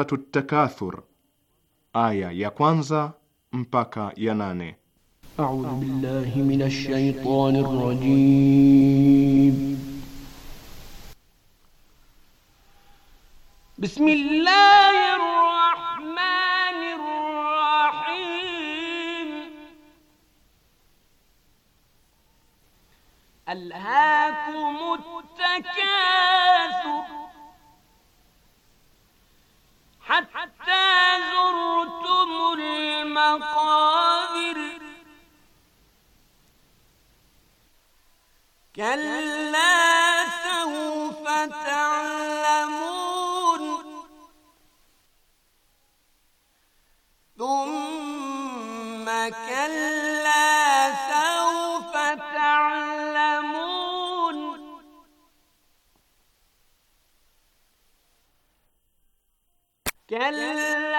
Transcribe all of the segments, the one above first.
Suratu Takathur aya ya kwanza mpaka ya nane. A'udhu billahi minash shaitani rajim. Bismillahir rahmanir rahim. Alhaakumut takathur زرتم المقابر كلا سوف تعلمون ثم كلا سوف تعلمون كلا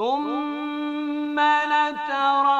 ثم لترى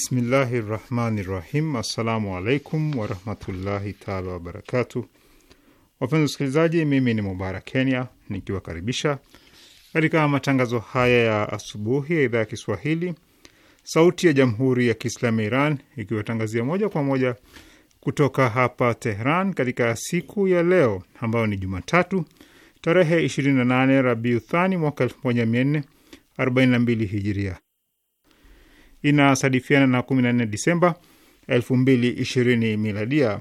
Bismillahi rahmani rahim. Assalamu alaikum warahmatullahi taala wabarakatu. Wapenzi wasikilizaji, mimi ni Mubarak Kenya nikiwakaribisha katika matangazo haya ya asubuhi ya idhaa ya Kiswahili Sauti ya Jamhuri ya Kiislamu ya Iran ikiwatangazia moja kwa moja kutoka hapa Tehran katika siku ya leo ambayo ni Jumatatu tarehe 28 Rabiuthani mwaka 1442 Hijiria inasadifiana na 14 Disemba 2020 miladia.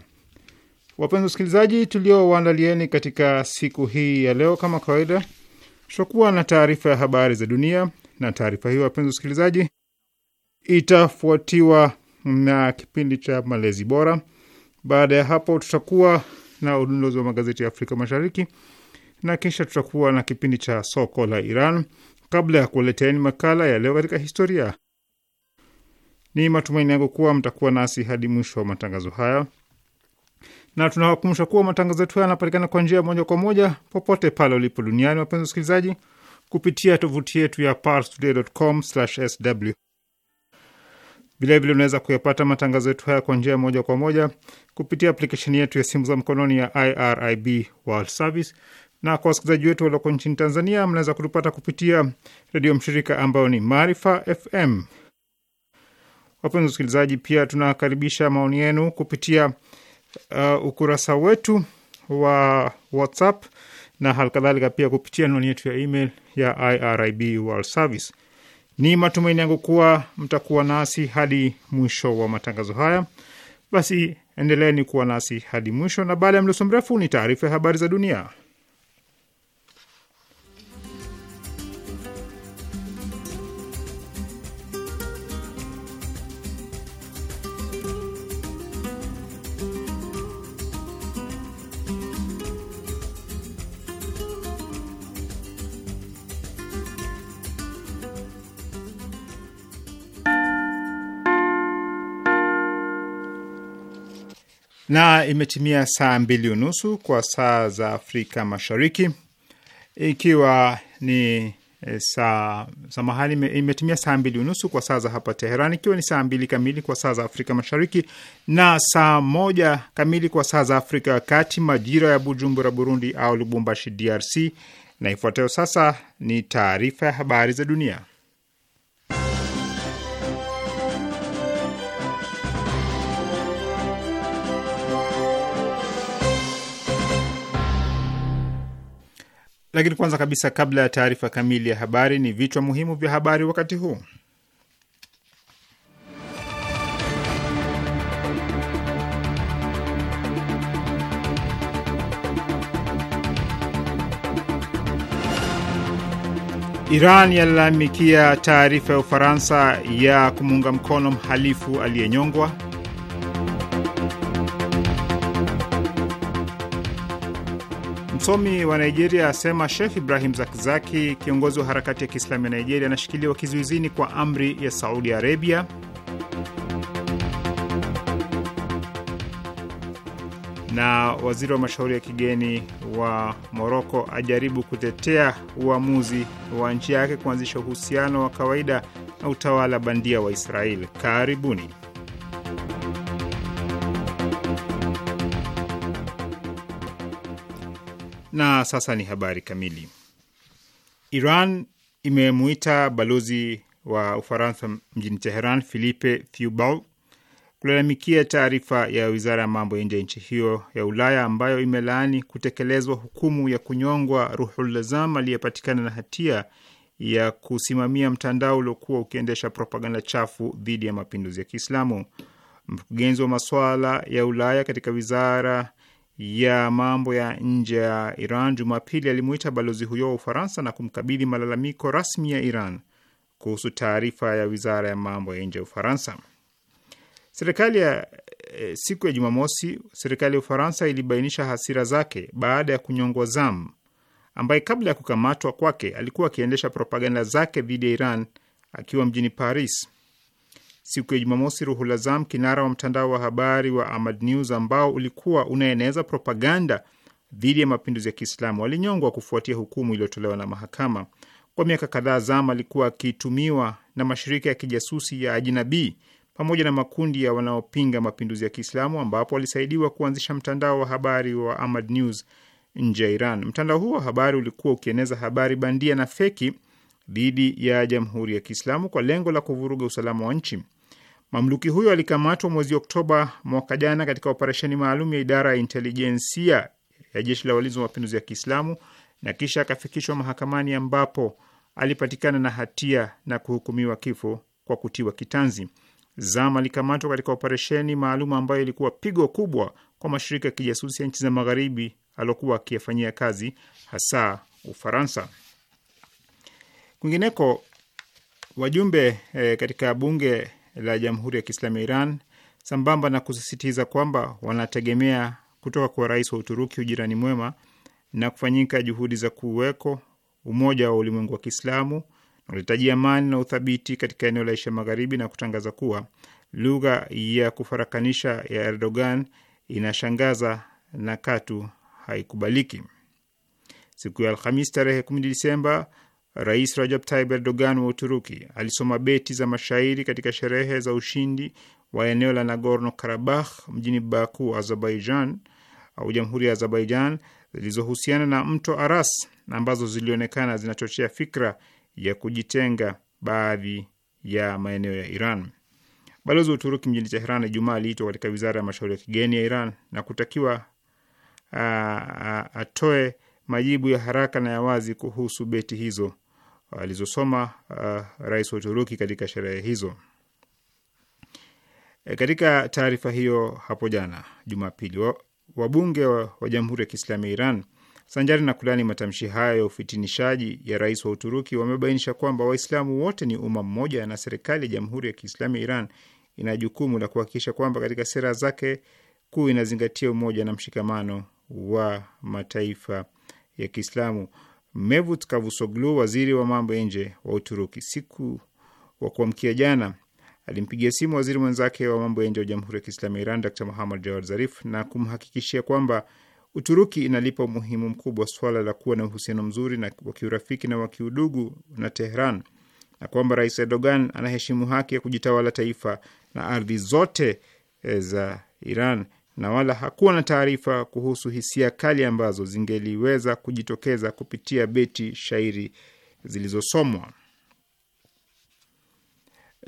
Wapenzi wasikilizaji, tuliowaandalieni katika siku hii ya leo, kama kawaida, tutakuwa na taarifa ya habari za dunia, na taarifa hiyo wapenzi wasikilizaji, itafuatiwa na kipindi cha malezi bora. Baada ya hapo, tutakuwa na udondozi wa magazeti ya Afrika Mashariki na kisha tutakuwa na kipindi cha soko la Iran, kabla ya kuleteeni makala ya leo katika historia ni matumaini yangu kuwa mtakuwa nasi hadi mwisho wa matangazo haya, na tunawakumbusha kuwa matangazo yetu haya yanapatikana kwa njia moja kwa moja popote pale ulipo duniani, wapenzi wasikilizaji, kupitia tovuti yetu ya parstoday.com/sw. Vilevile unaweza kuyapata matangazo yetu haya kwa njia moja kwa moja kupitia aplikesheni yetu ya simu za mkononi ya IRIB World Service, na kwa wasikilizaji wetu walioko nchini Tanzania, mnaweza kutupata kupitia redio mshirika ambayo ni Maarifa FM. Wapenzi wasikilizaji, pia tunakaribisha maoni yenu kupitia uh, ukurasa wetu wa WhatsApp na kadhalika pia kupitia anwani yetu ya email ya IRIB World Service. Ni matumaini yangu kuwa mtakuwa nasi hadi mwisho wa matangazo haya. Basi endeleni kuwa nasi hadi mwisho, na baada ya mdoso mrefu ni taarifa ya habari za dunia. na imetimia saa mbili unusu kwa saa za Afrika Mashariki, ikiwa ni eh, saa samahani, imetimia saa mbili unusu kwa saa za hapa Teheran, ikiwa ni saa mbili kamili kwa saa za Afrika Mashariki na saa moja kamili kwa saa za Afrika ya Kati, majira ya Bujumbura, Burundi au Lubumbashi, DRC. Na ifuatayo sasa ni taarifa ya habari za dunia. Lakini kwanza kabisa, kabla ya taarifa kamili ya habari, ni vichwa muhimu vya habari wakati huu. Iran yalalamikia taarifa ya Ufaransa ya kumuunga mkono mhalifu aliyenyongwa. Msomi wa Nigeria asema Sheikh Ibrahim Zakzaki, kiongozi wa harakati ya Kiislamu ya Nigeria, anashikiliwa kizuizini kwa amri ya Saudi Arabia. Na waziri wa mashauri ya kigeni wa Moroko ajaribu kutetea uamuzi wa nchi yake kuanzisha uhusiano wa kawaida na utawala bandia wa Israeli. Karibuni. Na sasa ni habari kamili. Iran imemuita balozi wa Ufaransa mjini Teheran Philippe Fubau kulalamikia taarifa ya wizara ya mambo ya nje ya nchi hiyo ya Ulaya ambayo imelaani kutekelezwa hukumu ya kunyongwa ruhulazam aliyepatikana na hatia ya kusimamia mtandao uliokuwa ukiendesha propaganda chafu dhidi ya mapinduzi ya Kiislamu. Mkurugenzi wa masuala ya Ulaya katika wizara ya mambo ya nje ya Iran Jumapili alimuita balozi huyo wa Ufaransa na kumkabidhi malalamiko rasmi ya Iran kuhusu taarifa ya wizara ya mambo ya nje ya Ufaransa. Serikali ya e, siku ya Jumamosi, serikali ya Ufaransa ilibainisha hasira zake baada ya kunyongwa Zam ambaye kabla ya kukamatwa kwake alikuwa akiendesha propaganda zake dhidi ya Iran akiwa mjini Paris siku ya Jumamosi, ruhulazam kinara wa mtandao wa habari wa Ahmad News ambao ulikuwa unaeneza propaganda dhidi ya mapinduzi ya Kiislamu walinyongwa kufuatia hukumu iliyotolewa na mahakama. Kwa miaka kadhaa, zam alikuwa akitumiwa na mashirika ya kijasusi ya ajinabi pamoja na makundi ya wanaopinga mapinduzi ya Kiislamu, ambapo alisaidiwa kuanzisha mtandao wa habari wa Ahmad News nje ya Iran. Mtandao huo wa habari ulikuwa ukieneza habari bandia na feki dhidi ya jamhuri ya Kiislamu kwa lengo la kuvuruga usalama wa nchi. Mamluki huyo alikamatwa mwezi Oktoba mwaka jana katika operesheni maalum ya idara ya intelijensia ya jeshi la walinzi wa mapinduzi ya Kiislamu na kisha akafikishwa mahakamani ambapo alipatikana na hatia na kuhukumiwa kifo kwa kutiwa kitanzi. Zam alikamatwa katika operesheni maalum ambayo ilikuwa pigo kubwa kwa mashirika ya kijasusi ya nchi za Magharibi aliokuwa akiyafanyia kazi, hasa Ufaransa. Kwingineko, wajumbe e, katika bunge la Jamhuri ya Kiislamu ya Iran, sambamba na kusisitiza kwamba wanategemea kutoka kwa rais wa Uturuki ujirani mwema na kufanyika juhudi za kuweko umoja wa ulimwengu wa Kiislamu ulitajia amani na uthabiti katika eneo la Asia Magharibi na kutangaza kuwa lugha ya kufarakanisha ya Erdogan inashangaza na katu haikubaliki. Siku ya Alhamisi tarehe 10 Disemba Rais Rajab Tayyip Erdogan wa Uturuki alisoma beti za mashairi katika sherehe za ushindi wa eneo la Nagorno Karabakh mjini Baku, Azerbaijan au Jamhuri ya Azerbaijan, zilizohusiana na mto Aras ambazo zilionekana zinachochea fikra ya kujitenga baadhi ya maeneo ya Iran. Balozi wa Uturuki mjini Teheran Ijumaa aliitwa katika wizara ya mashauri ya kigeni ya Iran na kutakiwa a, a, atoe majibu ya haraka na ya wazi kuhusu beti hizo alizosoma uh, rais wa Uturuki katika sherehe hizo. E, katika taarifa hiyo hapo jana Jumapili, wabunge wa, wa Jamhuri ya Kiislamu ya Iran sanjari na kulani matamshi hayo ya ufitinishaji ya rais wa Uturuki wamebainisha kwamba Waislamu wote ni umma mmoja na serikali ya Jamhuri ya Kiislamu ya Iran ina jukumu la kuhakikisha kwamba katika sera zake kuu inazingatia umoja na mshikamano wa mataifa ya Kiislamu. Mevlut Cavusoglu, waziri wa mambo ya nje wa Uturuki, siku wa kuamkia jana alimpigia simu waziri mwenzake wa mambo ya nje wa Jamhuri ya Kiislamu ya Iran Dr Muhammad Jawad Zarif na kumhakikishia kwamba Uturuki inalipa umuhimu mkubwa swala la kuwa na uhusiano mzuri na wa kiurafiki na wa kiudugu na Tehran na kwamba Rais Erdogan anaheshimu haki ya kujitawala taifa na ardhi zote eh, za Iran na wala hakuwa na taarifa kuhusu hisia kali ambazo zingeliweza kujitokeza kupitia beti shairi zilizosomwa.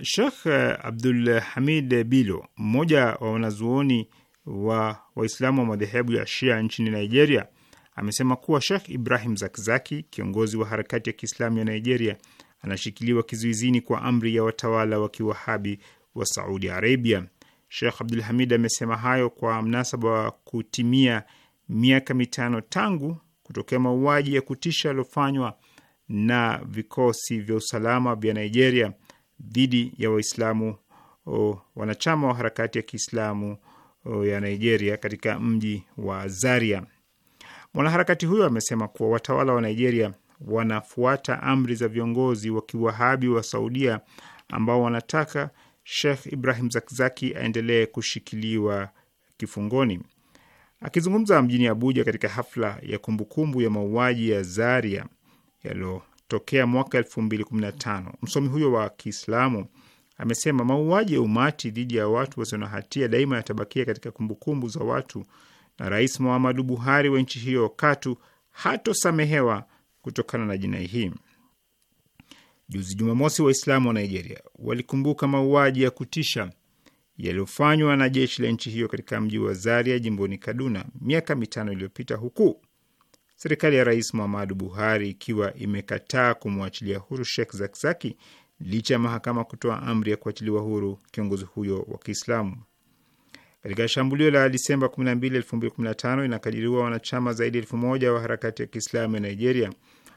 Shekh Abdul Hamid Bilo, mmoja wa wanazuoni wa Waislamu wa madhehebu ya Shia nchini Nigeria, amesema kuwa Shekh Ibrahim Zakzaki, kiongozi wa harakati ya Kiislamu ya Nigeria, anashikiliwa kizuizini kwa amri ya watawala wa Kiwahabi wa Saudi Arabia. Shekh Abdul Hamid amesema hayo kwa mnasaba wa kutimia miaka mitano tangu kutokea mauaji ya kutisha yaliyofanywa na vikosi vya usalama vya Nigeria dhidi ya Waislamu wanachama wa harakati ya Kiislamu ya Nigeria katika mji wa Zaria. Mwanaharakati huyo amesema kuwa watawala wa Nigeria wanafuata amri za viongozi wa Kiwahabi wa Saudia ambao wanataka Sheikh Ibrahim Zakzaki aendelee kushikiliwa kifungoni. Akizungumza mjini Abuja katika hafla ya kumbukumbu -kumbu ya mauaji ya Zaria yaliyotokea mwaka 2015, msomi huyo wa Kiislamu amesema mauaji ya umati dhidi ya watu wasio na hatia daima yatabakia katika kumbukumbu -kumbu za watu, na Rais Muhammadu Buhari wa nchi hiyo katu hatosamehewa kutokana na jinai hii. Juzi Jumamosi, Waislamu wa Nigeria walikumbuka mauaji ya kutisha yaliyofanywa na jeshi la nchi hiyo katika mji wa Zaria jimboni Kaduna miaka mitano iliyopita, huku serikali ya Rais Muhammadu Buhari ikiwa imekataa kumwachilia huru Sheikh Zakzaki licha ya mahakama kutoa amri ya kuachiliwa huru kiongozi huyo wa Kiislamu. Katika shambulio la Disemba 12, 2015 inakadiriwa wanachama zaidi ya elfu moja wa harakati ya Kiislamu ya Nigeria,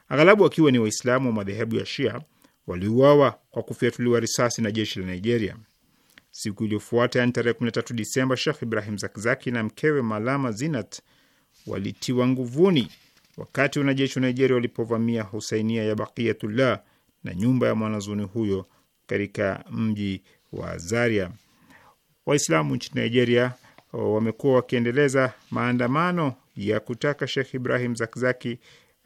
aghalabu wakiwa ni Waislamu wa madhehebu ya Shia waliuawa kwa kufyatuliwa risasi na jeshi la Nigeria. Siku iliyofuata, yaani tarehe 13 Disemba, Shekh Ibrahim Zakzaki na mkewe Malama Zinat walitiwa nguvuni wakati wanajeshi wa Nigeria walipovamia husainia ya Bakiyatullah na nyumba ya mwanazuni huyo katika mji wa Zaria. Waislamu nchini Nigeria wamekuwa wakiendeleza maandamano ya kutaka Shekh Ibrahim Zakzaki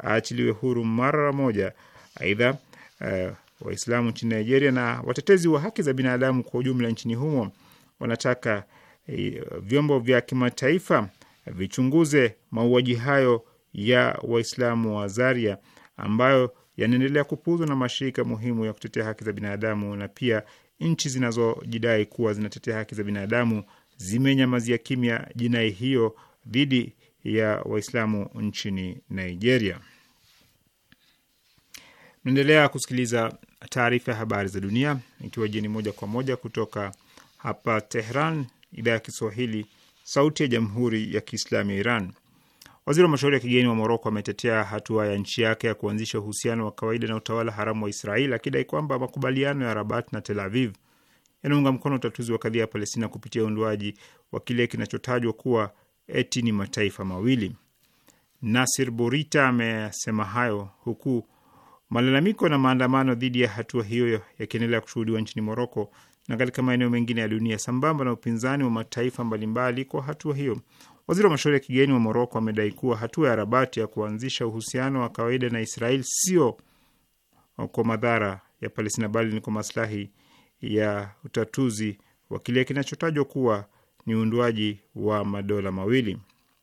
aachiliwe huru mara moja. Aidha, uh, Waislamu nchini Nigeria na watetezi wa haki za binadamu kwa ujumla nchini humo wanataka e, vyombo vya kimataifa vichunguze mauaji hayo ya Waislamu wa Zaria ambayo yanaendelea kupuuzwa na mashirika muhimu ya kutetea haki za binadamu na pia nchi zinazojidai kuwa zinatetea haki za binadamu zimenyamazia kimya jinai hiyo dhidi ya Waislamu nchini Nigeria. Mnaendelea kusikiliza taarifa ya habari za dunia ikiwa jeni moja kwa moja kutoka hapa Tehran, idhaa ya Kiswahili, sauti ya jamhuri ya kiislamu ya Iran. Waziri wa mashauri ya kigeni wa Moroko ametetea hatua ya nchi yake ya kuanzisha uhusiano wa kawaida na utawala haramu wa Israeli akidai kwamba makubaliano ya Rabat na Tel Aviv yanaunga mkono utatuzi wa kadhia ya Palestina kupitia uundwaji wa kile kinachotajwa kuwa eti ni mataifa mawili. Nasir Borita amesema hayo huku Malalamiko na maandamano dhidi ya hatua hiyo yakiendelea kushuhudiwa nchini Moroko na katika maeneo mengine ya dunia sambamba na upinzani wa mataifa mbalimbali kwa hatua hiyo. Waziri wa mashauri ya kigeni wa Moroko amedai kuwa hatua ya Rabati ya kuanzisha uhusiano wa kawaida na Israel sio kwa madhara ya Palestina bali ni kwa maslahi ya utatuzi wa kile kinachotajwa kuwa ni uundwaji wa madola mawili.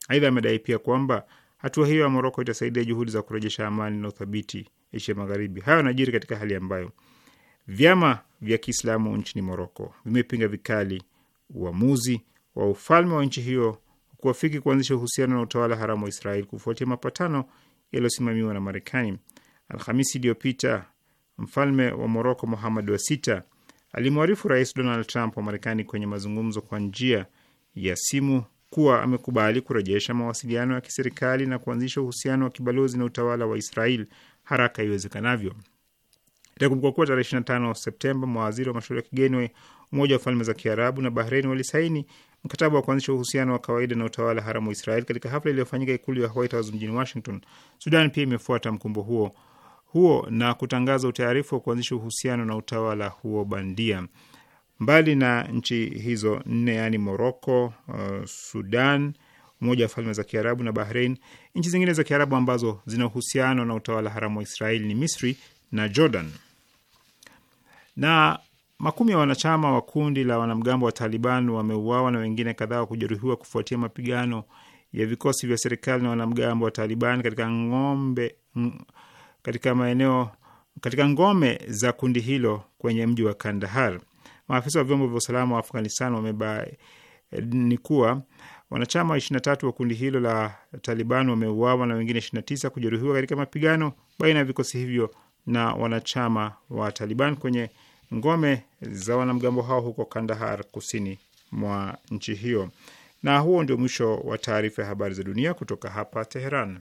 Aidha, amedai pia kwamba hatua hiyo ya Moroko itasaidia juhudi za kurejesha amani na uthabiti Asia Magharibi. Hayo yanajiri katika hali ambayo vyama vya Kiislamu nchini Moroko vimepinga vikali uamuzi wa ufalme wa nchi hiyo kuafiki kuanzisha uhusiano na utawala haramu wa Israeli kufuatia mapatano yaliyosimamiwa na Marekani. Alhamisi iliyopita mfalme wa Moroko Muhammad wa sita alimwarifu Rais Donald Trump wa Marekani kwenye mazungumzo kwa njia ya simu kuwa amekubali kurejesha mawasiliano ya kiserikali na kuanzisha uhusiano wa kibalozi na utawala wa Israeli haraka iwezekanavyo. Itakumbukwa kuwa tarehe 25 Septemba mawaziri wa mashauri ya kigeni wa Umoja wa Falme za Kiarabu na Bahrein walisaini mkataba wa kuanzisha uhusiano wa kawaida na utawala haramu wa Israel katika hafla iliyofanyika ikulu ya White House mjini Washington. Sudan pia imefuata mkumbo huo huo na kutangaza utayarifu wa kuanzisha uhusiano na utawala huo bandia. Mbali na nchi hizo nne, yaani Moroko, uh, Sudan, Umoja wa Falme za Kiarabu na bahrein Nchi zingine za Kiarabu ambazo zina uhusiano na utawala haramu wa Israeli ni Misri na Jordan. Na makumi ya wanachama wa kundi la wanamgambo wa Taliban wameuawa na wengine kadhaa kujeruhiwa kufuatia mapigano ya vikosi vya serikali na wanamgambo wa Taliban katika ngombe katika maeneo katika ngome za kundi hilo kwenye mji wa Kandahar. Maafisa wa vyombo vya usalama wa Afghanistan wamebani eh, kuwa Wanachama 23 wa kundi hilo la Taliban wameuawa na wengine 29 kujeruhiwa katika mapigano baina ya vikosi hivyo na wanachama wa Taliban kwenye ngome za wanamgambo hao huko Kandahar, kusini mwa nchi hiyo. Na huo ndio mwisho wa taarifa ya habari za dunia kutoka hapa Teheran.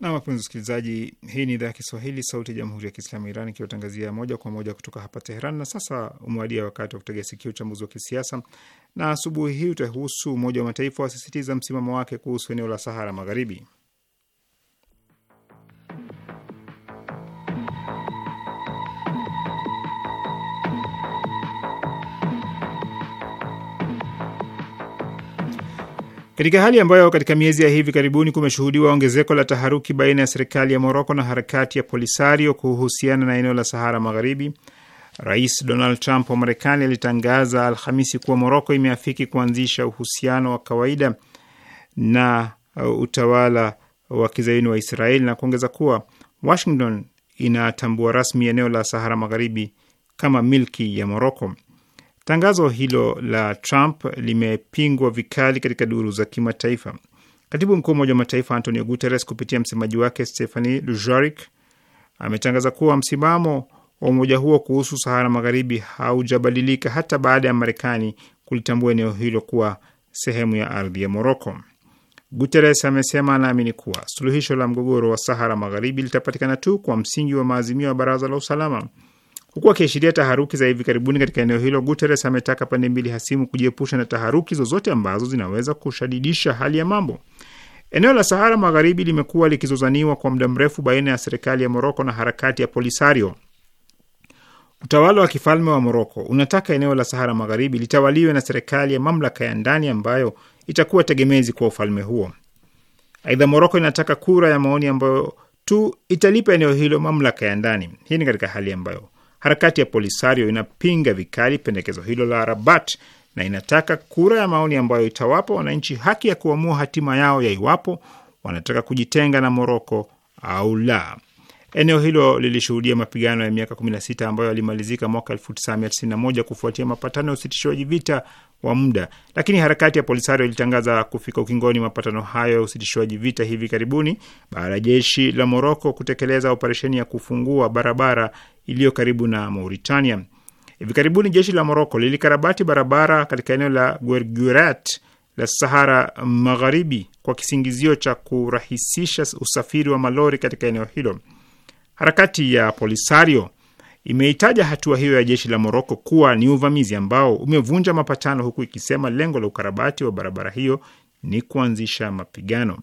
Na wapenzi wasikilizaji, hii ni idhaa ya Kiswahili sauti ya jamhuri ya kiislamu ya Iran ikiwatangazia moja kwa moja kutoka hapa Teheran. Na sasa umewadia wakati wa kutega sikio uchambuzi wa kisiasa, na asubuhi hii utahusu Umoja wa Mataifa wasisitiza msimamo wake kuhusu eneo la Sahara Magharibi. katika hali ambayo katika miezi ya hivi karibuni kumeshuhudiwa ongezeko la taharuki baina ya serikali ya Moroko na harakati ya Polisario kuhusiana na eneo la Sahara Magharibi. Rais Donald Trump wa Marekani alitangaza Alhamisi kuwa Moroko imeafiki kuanzisha uhusiano wa kawaida na uh, utawala wa kizayuni wa Israeli na kuongeza kuwa Washington inatambua rasmi eneo la Sahara Magharibi kama milki ya Moroko. Tangazo hilo la Trump limepingwa vikali katika duru za kimataifa. Katibu mkuu wa Umoja wa Mataifa Antonio Guterres kupitia msemaji wake stephani Dujarric ametangaza kuwa msimamo wa umoja huo kuhusu Sahara Magharibi haujabadilika hata baada ya Marekani kulitambua eneo hilo kuwa sehemu ya ardhi ya Moroko. Guterres amesema anaamini kuwa suluhisho la mgogoro wa Sahara Magharibi litapatikana tu kwa msingi wa maazimio ya Baraza la Usalama. Huku akiashiria taharuki za hivi karibuni katika eneo hilo, Guterres ametaka pande mbili hasimu kujiepusha na taharuki zozote ambazo zinaweza kushadidisha hali ya mambo. Eneo la Sahara Magharibi limekuwa likizozaniwa kwa muda mrefu baina ya serikali ya Moroko na harakati ya Polisario. Utawala wa kifalme wa Moroko unataka eneo la Sahara Magharibi litawaliwe na serikali ya mamlaka ya ndani ambayo itakuwa tegemezi kwa ufalme huo. Aidha, Moroko inataka kura ya maoni ambayo tu italipa eneo hilo mamlaka ya ndani. Hii ni katika hali ambayo Harakati ya Polisario inapinga vikali pendekezo hilo la Rabat na inataka kura ya maoni ambayo itawapa wananchi haki ya kuamua hatima yao ya iwapo wanataka kujitenga na Moroko au la. Eneo hilo lilishuhudia mapigano ya miaka 16 ambayo yalimalizika mwaka 1991 kufuatia mapatano ya usitishwaji vita wa muda, lakini harakati ya Polisario ilitangaza kufika ukingoni mapatano hayo ya usitishwaji vita hivi karibuni baada ya jeshi la Moroko kutekeleza operesheni ya kufungua barabara iliyo karibu na Mauritania. Hivi karibuni jeshi la Moroko lilikarabati barabara katika eneo la Guerguerat la Sahara Magharibi kwa kisingizio cha kurahisisha usafiri wa malori katika eneo hilo. Harakati ya Polisario imeitaja hatua hiyo ya jeshi la Moroko kuwa ni uvamizi ambao umevunja mapatano, huku ikisema lengo la ukarabati wa barabara hiyo ni kuanzisha mapigano.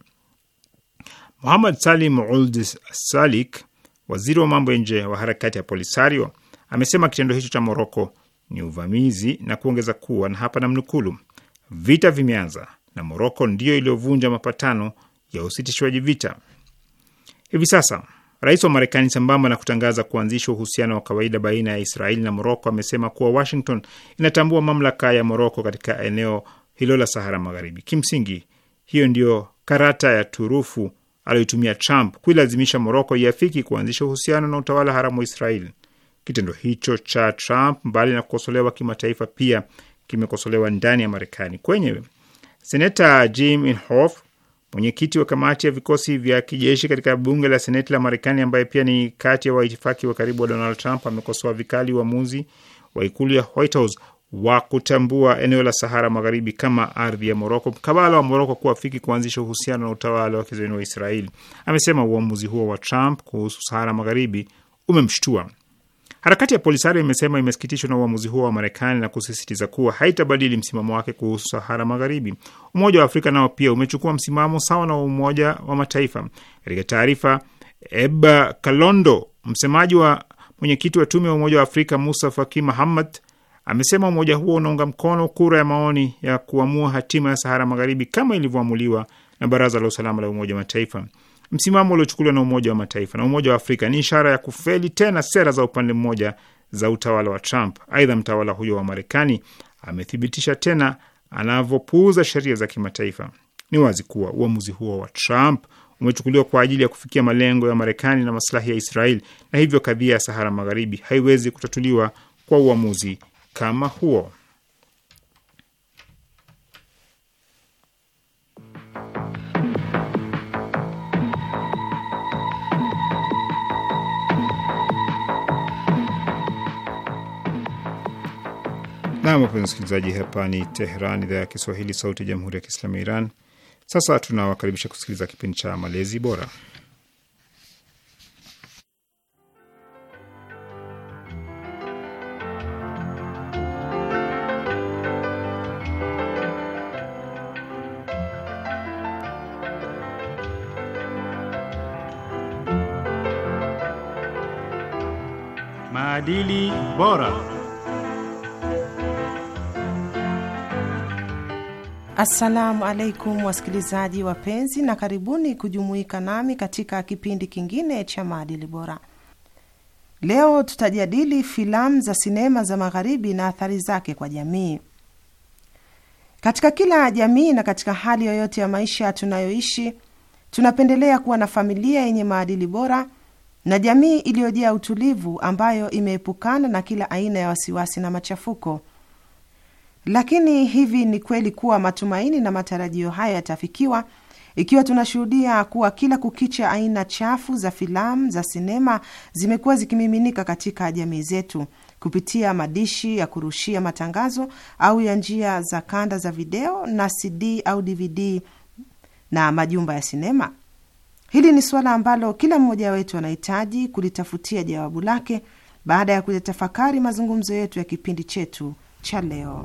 Muhamad Salim uld Salik, waziri wa mambo ya nje wa harakati ya Polisario, amesema kitendo hicho cha Moroko ni uvamizi na kuongeza kuwa, na hapa namnukulu, vita vimeanza na Moroko ndiyo iliyovunja mapatano ya usitishwaji vita. Hivi sasa Rais wa Marekani, sambamba na kutangaza kuanzishwa uhusiano wa kawaida baina ya Israeli na Moroko, amesema kuwa Washington inatambua mamlaka ya Moroko katika eneo hilo la Sahara Magharibi. Kimsingi, hiyo ndiyo karata ya turufu aliyoitumia Trump kuilazimisha Moroko iafiki kuanzisha uhusiano na utawala haramu wa Israeli. Kitendo hicho cha Trump, mbali na kukosolewa kimataifa, pia kimekosolewa ndani ya Marekani. Kwenyewe seneta Jim Inhofe mwenyekiti wa kamati ya vikosi vya kijeshi katika bunge la seneti la Marekani, ambaye pia ni kati ya waitifaki wa karibu wa Donald Trump, amekosoa vikali uamuzi wa ikulu ya White House wa kutambua eneo la Sahara Magharibi kama ardhi ya Moroko, mkabala wa Moroko kuafiki kuanzisha uhusiano na utawala wa kizayuni wa Israeli. Amesema uamuzi huo wa Trump kuhusu Sahara Magharibi umemshtua Harakati ya Polisario imesema imesikitishwa na uamuzi huo wa Marekani na kusisitiza kuwa haitabadili msimamo wake kuhusu Sahara Magharibi. Umoja wa Afrika nao pia umechukua msimamo sawa na Umoja wa Mataifa. Katika taarifa, Eba Kalondo, msemaji wa mwenyekiti wa tume ya Umoja wa Afrika Musa Faki Mahamad, amesema umoja huo unaunga mkono kura ya maoni ya kuamua hatima ya Sahara Magharibi kama ilivyoamuliwa na Baraza la Usalama la Umoja wa Mataifa. Msimamo uliochukuliwa na Umoja wa Mataifa na Umoja wa Afrika ni ishara ya kufeli tena sera za upande mmoja za utawala wa Trump. Aidha, mtawala huyo wa Marekani amethibitisha tena anavyopuuza sheria za kimataifa. Ni wazi kuwa uamuzi huo wa Trump umechukuliwa kwa ajili ya kufikia malengo ya Marekani na maslahi ya israel na hivyo kadhia ya Sahara Magharibi haiwezi kutatuliwa kwa uamuzi kama huo. Nam, wapenzi msikilizaji, hapa ni Tehran, idhaa ya Kiswahili, sauti ya jamhuri ya kiislamu ya Iran. Sasa tunawakaribisha kusikiliza kipindi cha malezi bora. Maadili bora. Assalamu alaikum wasikilizaji wapenzi, na karibuni kujumuika nami katika kipindi kingine cha maadili bora. Leo tutajadili filamu za sinema za magharibi na athari zake kwa jamii. Katika kila jamii na katika hali yoyote ya maisha tunayoishi, tunapendelea kuwa na familia yenye maadili bora na jamii iliyojaa utulivu, ambayo imeepukana na kila aina ya wasiwasi na machafuko lakini hivi ni kweli kuwa matumaini na matarajio haya yatafikiwa ikiwa tunashuhudia kuwa kila kukicha aina chafu za filamu za sinema zimekuwa zikimiminika katika jamii zetu kupitia madishi ya kurushia matangazo au ya njia za kanda za video na CD au DVD na majumba ya sinema. Hili ni suala ambalo kila mmoja wetu anahitaji kulitafutia jawabu lake baada ya kuyatafakari mazungumzo yetu ya kipindi chetu cha leo.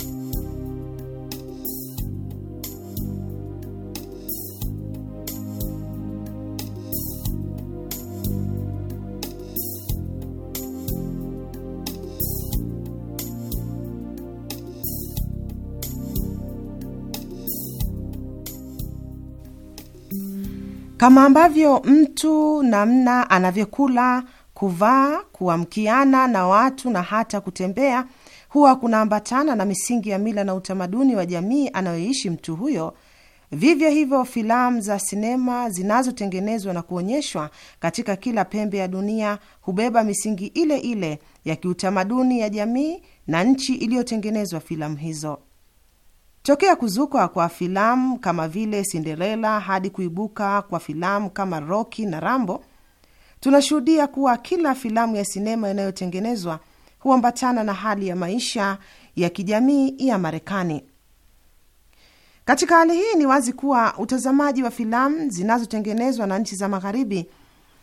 Kama ambavyo mtu namna anavyokula, kuvaa, kuamkiana na watu na hata kutembea huwa kunaambatana na misingi ya mila na utamaduni wa jamii anayoishi mtu huyo. Vivyo hivyo, filamu za sinema zinazotengenezwa na kuonyeshwa katika kila pembe ya dunia hubeba misingi ile ile ya kiutamaduni ya jamii na nchi iliyotengenezwa filamu hizo. Tokea kuzuka kwa filamu kama vile Cinderella hadi kuibuka kwa filamu kama Rocky na Rambo, tunashuhudia kuwa kila filamu ya sinema inayotengenezwa huambatana na hali ya maisha ya kijamii ya Marekani. Katika hali hii, ni wazi kuwa utazamaji wa filamu zinazotengenezwa na nchi za Magharibi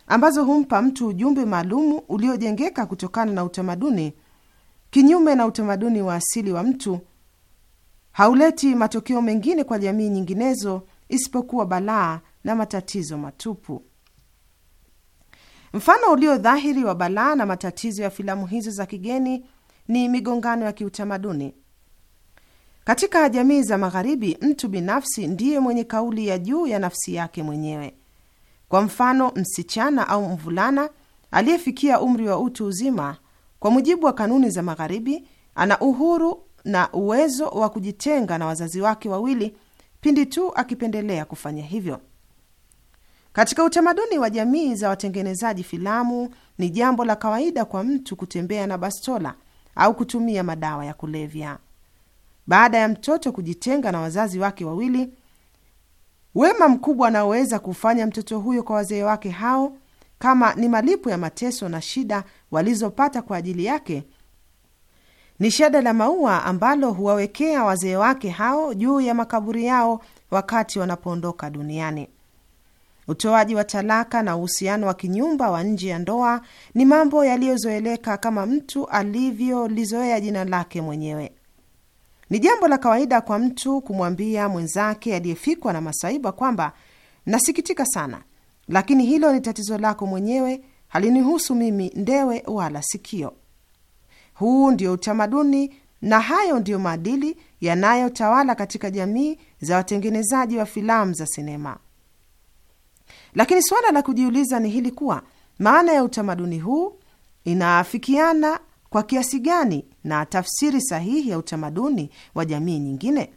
ambazo humpa mtu ujumbe maalumu uliojengeka kutokana na utamaduni, kinyume na utamaduni wa asili wa mtu, hauleti matokeo mengine kwa jamii nyinginezo isipokuwa balaa na matatizo matupu. Mfano ulio dhahiri wa balaa na matatizo ya filamu hizo za kigeni ni migongano ya kiutamaduni. Katika jamii za Magharibi, mtu binafsi ndiye mwenye kauli ya juu ya nafsi yake mwenyewe. Kwa mfano, msichana au mvulana aliyefikia umri wa utu uzima, kwa mujibu wa kanuni za Magharibi, ana uhuru na uwezo wa kujitenga na wazazi wake wawili pindi tu akipendelea kufanya hivyo. Katika utamaduni wa jamii za watengenezaji filamu ni jambo la kawaida kwa mtu kutembea na bastola au kutumia madawa ya kulevya. Baada ya mtoto kujitenga na wazazi wake wawili, wema mkubwa anaoweza kufanya mtoto huyo kwa wazee wake hao, kama ni malipo ya mateso na shida walizopata kwa ajili yake, ni shada la maua ambalo huwawekea wazee wake hao juu ya makaburi yao wakati wanapoondoka duniani. Utoaji wa talaka na uhusiano wa kinyumba wa nje ya ndoa ni mambo yaliyozoeleka kama mtu alivyolizoea jina lake mwenyewe. Ni jambo la kawaida kwa mtu kumwambia mwenzake aliyefikwa na masaiba kwamba nasikitika sana, lakini hilo ni tatizo lako mwenyewe, halinihusu mimi ndewe wala sikio. Huu ndio utamaduni na hayo ndiyo maadili yanayotawala katika jamii za watengenezaji wa filamu za sinema. Lakini suala la kujiuliza ni hili kuwa maana ya utamaduni huu inaafikiana kwa kiasi gani na tafsiri sahihi ya utamaduni wa jamii nyingine?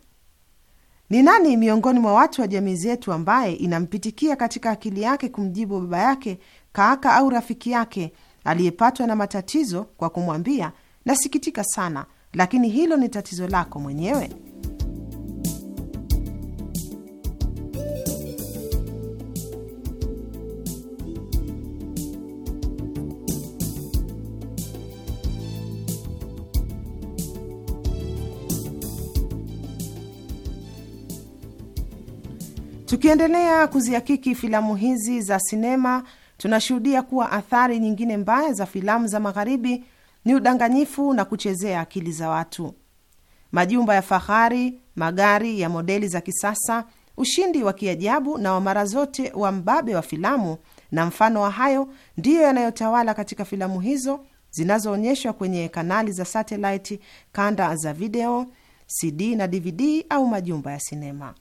Ni nani miongoni mwa watu wa jamii zetu ambaye inampitikia katika akili yake kumjibu baba yake, kaka au rafiki yake aliyepatwa na matatizo kwa kumwambia nasikitika sana, lakini hilo ni tatizo lako mwenyewe? Tukiendelea kuzihakiki filamu hizi za sinema, tunashuhudia kuwa athari nyingine mbaya za filamu za magharibi ni udanganyifu na kuchezea akili za watu. Majumba ya fahari, magari ya modeli za kisasa, ushindi wa kiajabu na wa mara zote wa mbabe wa filamu na mfano wa hayo ndiyo yanayotawala katika filamu hizo zinazoonyeshwa kwenye kanali za satelaiti, kanda za video, CD na DVD au majumba ya sinema.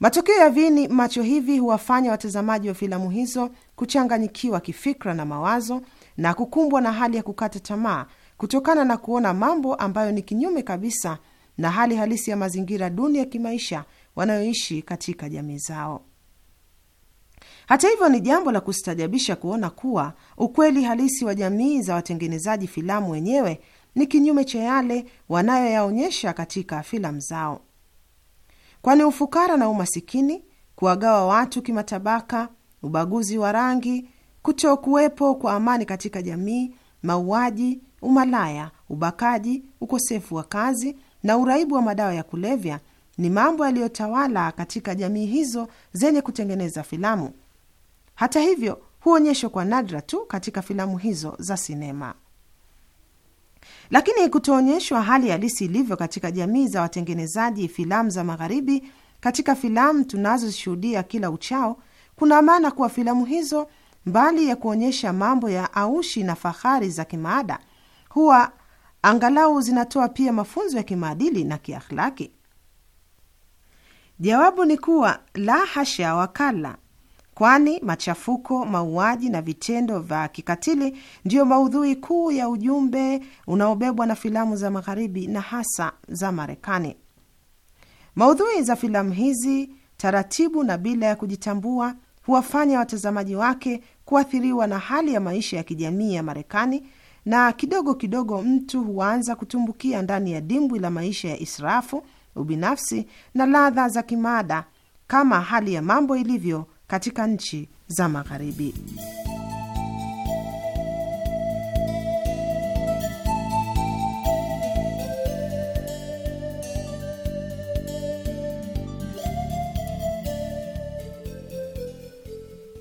Matokeo ya vini macho hivi huwafanya watazamaji wa filamu hizo kuchanganyikiwa kifikra na mawazo na kukumbwa na hali ya kukata tamaa kutokana na kuona mambo ambayo ni kinyume kabisa na hali halisi ya mazingira duni ya kimaisha wanayoishi katika jamii zao. Hata hivyo, ni jambo la kustajabisha kuona kuwa ukweli halisi wa jamii za watengenezaji filamu wenyewe ni kinyume cha yale wanayoyaonyesha katika filamu zao kwani ufukara na umasikini, kuwagawa watu kimatabaka, ubaguzi wa rangi, kutokuwepo kwa amani katika jamii, mauaji, umalaya, ubakaji, ukosefu wa kazi na uraibu wa madawa ya kulevya ni mambo yaliyotawala katika jamii hizo zenye kutengeneza filamu. Hata hivyo, huonyeshwa kwa nadra tu katika filamu hizo za sinema. Lakini kutoonyeshwa hali halisi ilivyo katika jamii za watengenezaji filamu za Magharibi katika filamu tunazoshuhudia kila uchao, kuna maana kuwa filamu hizo mbali ya kuonyesha mambo ya aushi na fahari za kimaada, huwa angalau zinatoa pia mafunzo ya kimaadili na kiakhlaki. Jawabu ni kuwa la hasha, wakala kwani machafuko, mauaji na vitendo vya kikatili ndiyo maudhui kuu ya ujumbe unaobebwa na filamu za Magharibi na hasa za Marekani. Maudhui za filamu hizi, taratibu na bila ya kujitambua, huwafanya watazamaji wake kuathiriwa na hali ya maisha ya kijamii ya Marekani, na kidogo kidogo mtu huanza kutumbukia ndani ya dimbwi la maisha ya israfu, ubinafsi na ladha za kimada, kama hali ya mambo ilivyo katika nchi za Magharibi.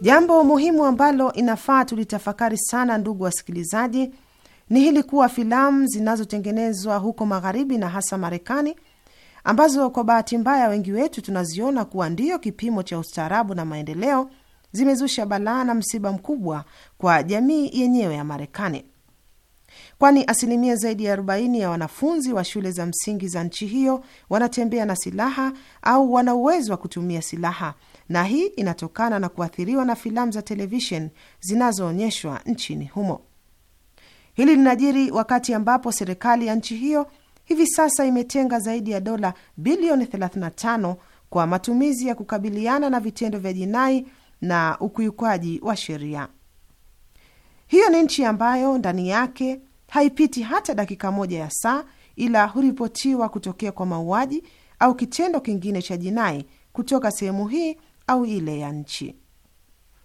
Jambo muhimu ambalo inafaa tulitafakari sana, ndugu wasikilizaji, ni hili kuwa filamu zinazotengenezwa huko Magharibi na hasa Marekani ambazo kwa bahati mbaya wengi wetu tunaziona kuwa ndiyo kipimo cha ustaarabu na maendeleo, zimezusha balaa na msiba mkubwa kwa jamii yenyewe ya Marekani, kwani asilimia zaidi ya 40 ya wanafunzi wa shule za msingi za nchi hiyo wanatembea na silaha au wana uwezo wa kutumia silaha, na hii inatokana na kuathiriwa na filamu za televishen zinazoonyeshwa nchini humo. Hili linajiri wakati ambapo serikali ya nchi hiyo hivi sasa imetenga zaidi ya dola bilioni 35 kwa matumizi ya kukabiliana na vitendo vya jinai na ukiukwaji wa sheria. Hiyo ni nchi ambayo ndani yake haipiti hata dakika moja ya saa ila huripotiwa kutokea kwa mauaji au kitendo kingine cha jinai kutoka sehemu hii au ile ya nchi.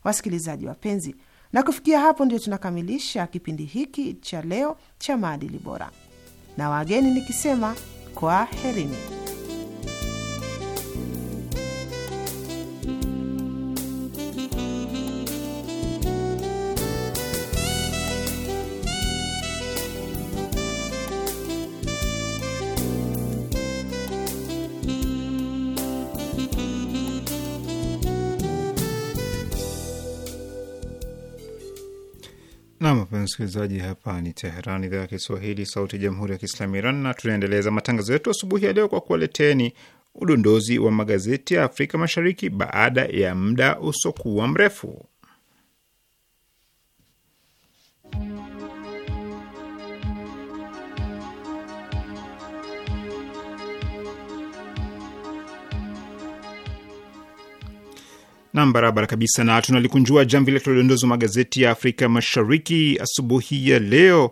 Wasikilizaji wapenzi, na kufikia hapo ndio tunakamilisha kipindi hiki cha leo cha maadili bora na wageni nikisema kwaherini. Nam, wapenzi msikilizaji, hapa ni Teheran, idhaa ya Kiswahili, sauti ya jamhuri ya kiislamu Iran, na tunaendeleza matangazo yetu asubuhi ya leo kwa kuwaleteni udondozi wa magazeti ya Afrika Mashariki baada ya muda usokuwa mrefu. Nam, barabara kabisa, na tunalikunjua jamvi letu la udondozi wa magazeti ya Afrika Mashariki asubuhi ya leo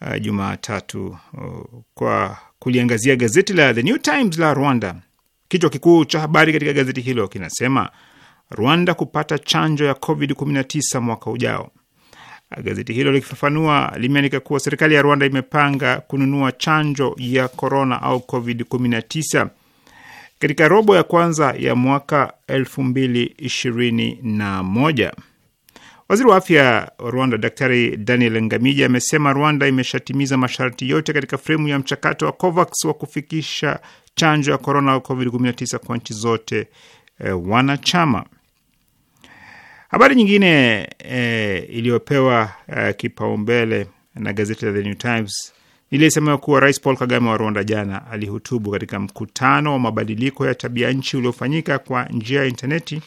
uh, Jumatatu uh, kwa kuliangazia gazeti la The New Times la Rwanda. Kichwa kikuu cha habari katika gazeti hilo kinasema Rwanda kupata chanjo ya COVID-19 mwaka ujao. Gazeti hilo likifafanua, limeandika kuwa serikali ya Rwanda imepanga kununua chanjo ya korona au COVID-19 katika robo ya kwanza ya mwaka 2021. Waziri wa afya wa Rwanda Daktari Daniel Ngamija amesema Rwanda imeshatimiza masharti yote katika fremu ya mchakato wa COVAX wa kufikisha chanjo ya korona COVID-19 kwa nchi zote e, wanachama. Habari nyingine e, iliyopewa e, kipaumbele na gazeti la The New Times iliyesemewa kuwa Rais Paul Kagame wa Rwanda jana alihutubu katika mkutano wa mabadiliko ya tabia nchi uliofanyika kwa njia ya intaneti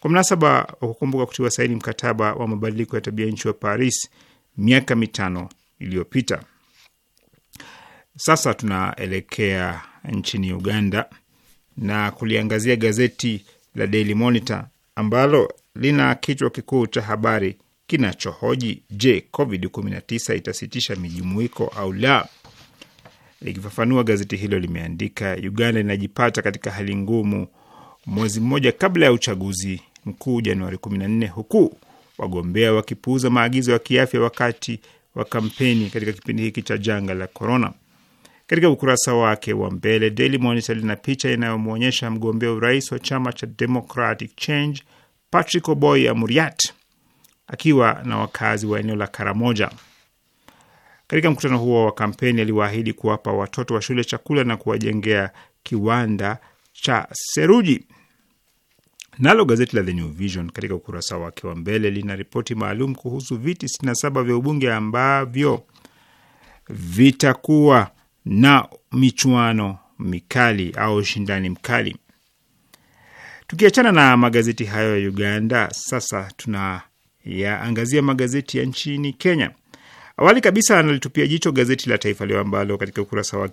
kwa mnasaba wa kukumbuka kutiwa saini mkataba wa mabadiliko ya tabia nchi wa Paris miaka mitano iliyopita. Sasa tunaelekea nchini Uganda na kuliangazia gazeti la Daily Monitor ambalo lina kichwa kikuu cha habari kinachohoji je, COVID-19 itasitisha mijumuiko au la. Likifafanua, gazeti hilo limeandika Uganda inajipata katika hali ngumu mwezi mmoja kabla ya uchaguzi mkuu Januari 14 huku wagombea wakipuuza maagizo ya wa kiafya wakati wa kampeni katika kipindi hiki cha janga la korona. Katika ukurasa wake wa mbele, Daily Monitor lina picha inayomwonyesha mgombea urais wa chama cha Democratic Change Patrick Oboi Amuriat akiwa na wakazi wa eneo la Karamoja. Katika mkutano huo wa kampeni, aliwaahidi kuwapa watoto wa shule chakula na kuwajengea kiwanda cha seruji. Nalo gazeti la The New Vision katika ukurasa wake wa mbele lina ripoti maalum kuhusu viti 67 vya ubunge ambavyo vitakuwa na michuano mikali au ushindani mkali. Tukiachana na magazeti hayo ya Uganda, sasa tuna yaangazia magazeti ya nchini Kenya. Awali kabisa analitupia jicho gazeti la Taifa Leo ambalo katika ukurasa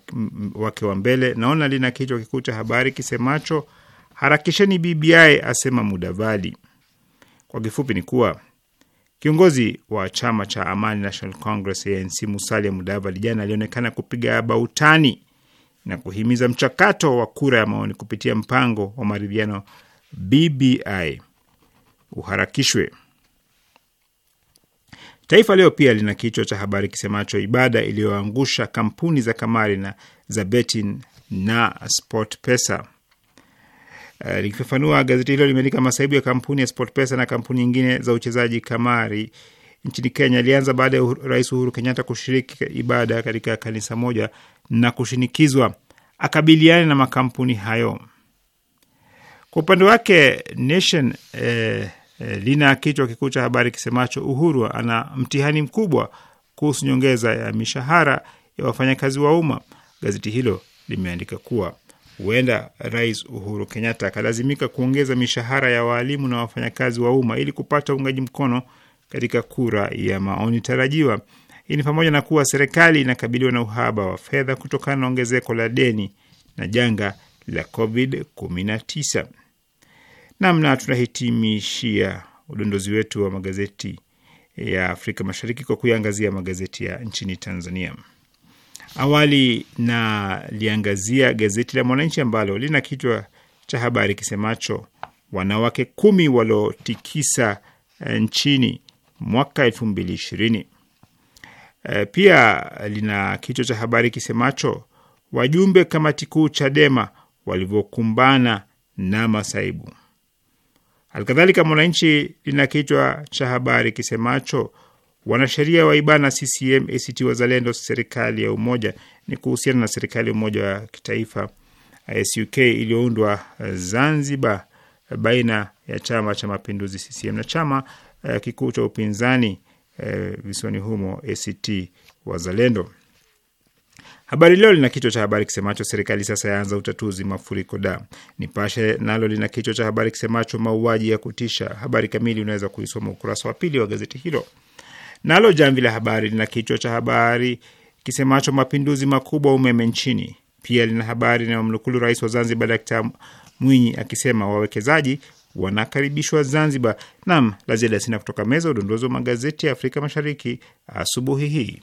wake wa mbele naona lina kichwa kikuu cha habari kisemacho harakisheni BBI asema Mudavadi. Kwa kifupi ni kuwa kiongozi wa chama cha Amani National Congress ANC Musalia Mudavadi jana alionekana kupiga bautani na kuhimiza mchakato wa kura ya maoni kupitia mpango wa maridhiano BBI uharakishwe. Taifa Leo pia lina kichwa cha habari kisemacho ibada iliyoangusha kampuni za kamari na za betting na Sport Pesa. Uh, eh, likifafanua gazeti hilo limeandika masaibu ya kampuni ya Sport Pesa na kampuni nyingine za uchezaji kamari nchini Kenya ilianza baada ya Rais Uhuru Kenyatta kushiriki ibada katika kanisa moja na kushinikizwa akabiliane na makampuni hayo. Kwa upande wake Nation eh, Eh, lina kichwa kikuu cha habari kisemacho Uhuru ana mtihani mkubwa kuhusu nyongeza ya mishahara ya wafanyakazi wa umma. Gazeti hilo limeandika kuwa huenda Rais Uhuru Kenyatta akalazimika kuongeza mishahara ya waalimu na wafanyakazi wa umma ili kupata uungaji mkono katika kura ya maoni tarajiwa. Hii ni pamoja na kuwa serikali inakabiliwa na uhaba wa fedha kutokana na ongezeko la deni na janga la COVID-19. Namna tunahitimishia udondozi wetu wa magazeti ya Afrika Mashariki kwa kuiangazia magazeti ya nchini Tanzania. Awali na liangazia gazeti la Mwananchi ambalo lina kichwa cha habari kisemacho wanawake kumi waliotikisa eh, nchini mwaka elfu mbili ishirini. Eh, pia lina kichwa cha habari kisemacho wajumbe kamati kuu Chadema walivyokumbana na masaibu. Halikadhalika, Mwananchi lina kichwa cha habari kisemacho wanasheria wa IBANA, CCM, ACT Wazalendo, serikali ya umoja. Ni kuhusiana na serikali ya umoja wa kitaifa SUK iliyoundwa eh, Zanzibar baina ya chama cha mapinduzi CCM na chama uh, kikuu cha upinzani uh, visiwani humo ACT Wazalendo. Habari Leo lina kichwa cha habari kisemacho serikali sasa yaanza utatuzi mafuriko da. Nipashe nalo lina kichwa cha habari kisemacho mauaji ya kutisha. Habari kamili unaweza kuisoma ukurasa wa pili wa gazeti hilo. Nalo Jamvi la Habari lina kichwa cha habari kisemacho mapinduzi makubwa umeme nchini. Pia lina habari inayomnukulu rais wa Zanzibar Dakta Mwinyi akisema wawekezaji wanakaribishwa Zanzibar. Nam la ziada sina kutoka meza udondozi wa magazeti ya Afrika Mashariki asubuhi hii.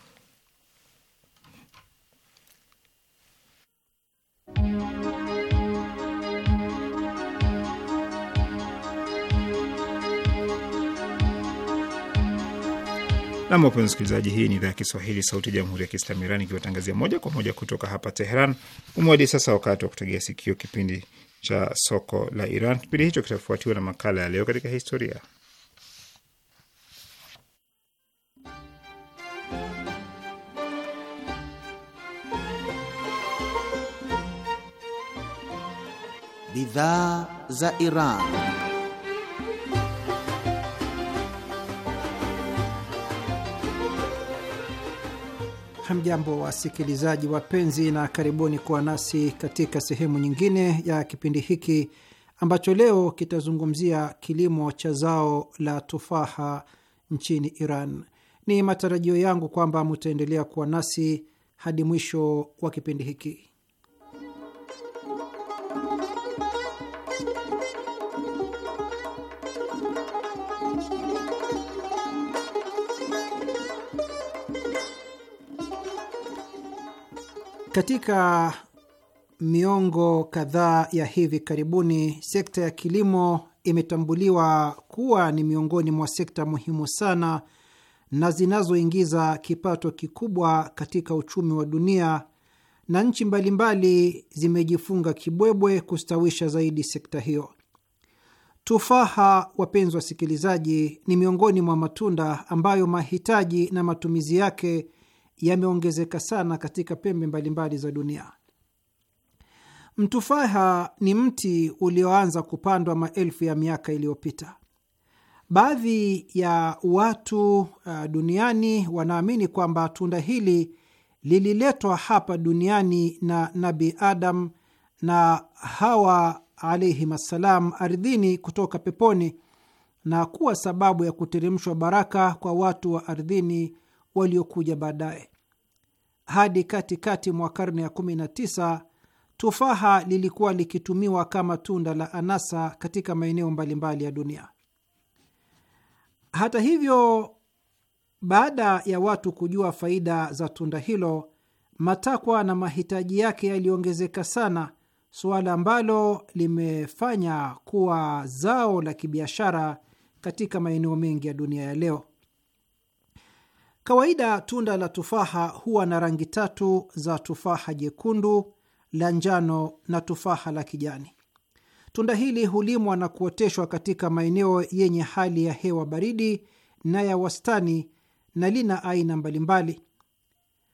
Nam, wapenzi msikilizaji, hii ni idhaa ya Kiswahili sauti ya jamhuri ya kiislamu Iran ikiwatangazia moja kwa moja kutoka hapa Teheran. Umewadi sasa wakati wa kutegea sikio kipindi cha soko la Iran. Kipindi hicho kitafuatiwa na makala ya leo katika historia. Bidhaa za Iran. Hamjambo wasikilizaji wapenzi, na karibuni kuwa nasi katika sehemu nyingine ya kipindi hiki ambacho leo kitazungumzia kilimo cha zao la tufaha nchini Iran. Ni matarajio yangu kwamba mutaendelea kuwa nasi hadi mwisho wa kipindi hiki. Katika miongo kadhaa ya hivi karibuni, sekta ya kilimo imetambuliwa kuwa ni miongoni mwa sekta muhimu sana na zinazoingiza kipato kikubwa katika uchumi wa dunia na nchi mbalimbali zimejifunga kibwebwe kustawisha zaidi sekta hiyo. Tufaha, wapenzi wasikilizaji, ni miongoni mwa matunda ambayo mahitaji na matumizi yake yameongezeka sana katika pembe mbalimbali za dunia. Mtufaha ni mti ulioanza kupandwa maelfu ya miaka iliyopita. Baadhi ya watu uh, duniani wanaamini kwamba tunda hili lililetwa hapa duniani na Nabi Adam na Hawa alaihim assalam ardhini kutoka peponi na kuwa sababu ya kuteremshwa baraka kwa watu wa ardhini waliokuja baadaye. Hadi katikati mwa karne ya 19 tufaha lilikuwa likitumiwa kama tunda la anasa katika maeneo mbalimbali ya dunia. Hata hivyo, baada ya watu kujua faida za tunda hilo, matakwa na mahitaji yake yaliongezeka sana, suala ambalo limefanya kuwa zao la kibiashara katika maeneo mengi ya dunia ya leo. Kawaida tunda la tufaha huwa na rangi tatu za tufaha jekundu, la njano na tufaha la kijani. Tunda hili hulimwa na kuoteshwa katika maeneo yenye hali ya hewa baridi na ya wastani na lina aina mbalimbali.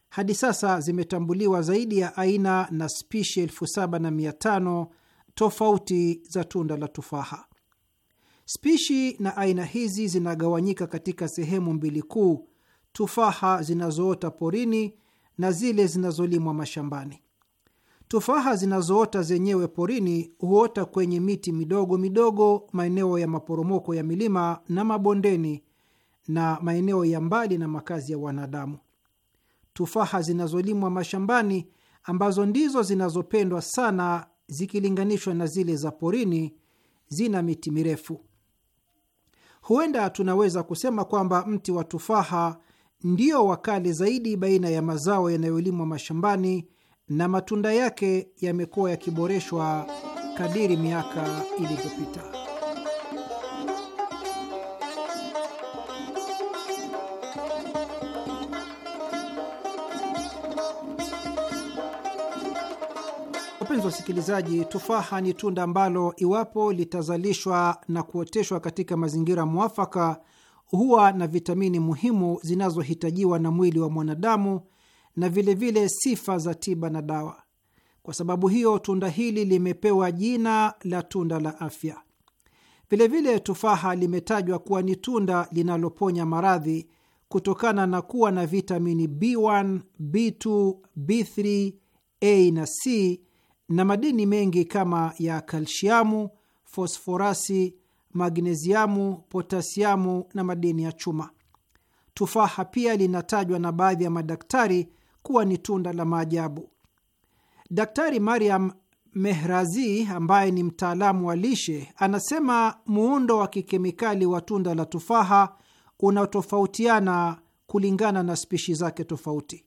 Hadi sasa zimetambuliwa zaidi ya aina na spishi elfu saba na mia tano tofauti za tunda la tufaha. Spishi na aina hizi zinagawanyika katika sehemu mbili kuu tufaha zinazoota porini na zile zinazolimwa mashambani. Tufaha zinazoota zenyewe porini huota kwenye miti midogo midogo maeneo ya maporomoko ya milima na mabondeni na maeneo ya mbali na makazi ya wanadamu. Tufaha zinazolimwa mashambani, ambazo ndizo zinazopendwa sana zikilinganishwa na zile za porini, zina miti mirefu. Huenda tunaweza kusema kwamba mti wa tufaha ndio wakali zaidi baina ya mazao yanayolimwa mashambani na matunda yake yamekuwa yakiboreshwa kadiri miaka ilivyopita. Wapenzi wasikilizaji, tufaha ni tunda ambalo iwapo litazalishwa na kuoteshwa katika mazingira mwafaka huwa na vitamini muhimu zinazohitajiwa na mwili wa mwanadamu na vilevile vile sifa za tiba na dawa. Kwa sababu hiyo, tunda hili limepewa jina la tunda la afya. Vilevile tufaha limetajwa kuwa ni tunda linaloponya maradhi kutokana na kuwa na vitamini B1, B2, B3, A na C na madini mengi kama ya kalsiamu, fosforasi, magneziamu, potasiamu na madini ya chuma. Tufaha pia linatajwa na baadhi ya madaktari kuwa ni tunda la maajabu. Daktari Mariam Mehrazi ambaye ni mtaalamu wa lishe anasema muundo wa kikemikali wa tunda la tufaha unatofautiana kulingana na spishi zake tofauti.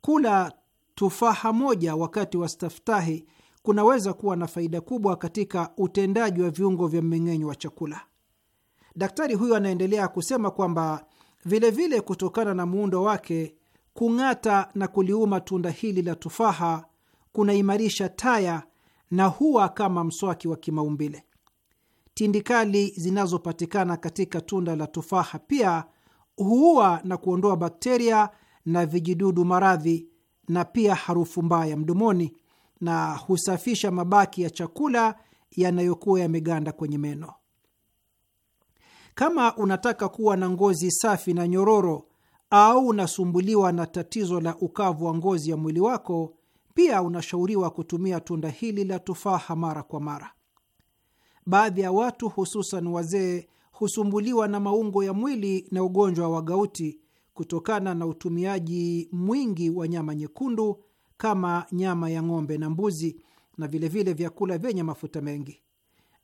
Kula tufaha moja wakati wa staftahi kunaweza kuwa na faida kubwa katika utendaji wa viungo vya mmeng'enyo wa chakula. Daktari huyo anaendelea kusema kwamba vilevile kutokana na muundo wake, kung'ata na kuliuma tunda hili la tufaha kunaimarisha taya na huwa kama mswaki wa kimaumbile. Tindikali zinazopatikana katika tunda la tufaha pia huua na kuondoa bakteria na vijidudu maradhi na pia harufu mbaya mdomoni na husafisha mabaki ya chakula yanayokuwa yameganda kwenye meno. Kama unataka kuwa na ngozi safi na nyororo au unasumbuliwa na tatizo la ukavu wa ngozi ya mwili wako, pia unashauriwa kutumia tunda hili la tufaha mara kwa mara. Baadhi ya watu hususan wazee husumbuliwa na maungo ya mwili na ugonjwa wa gauti kutokana na utumiaji mwingi wa nyama nyekundu kama nyama ya ng'ombe na mbuzi na vilevile vile vyakula vyenye mafuta mengi.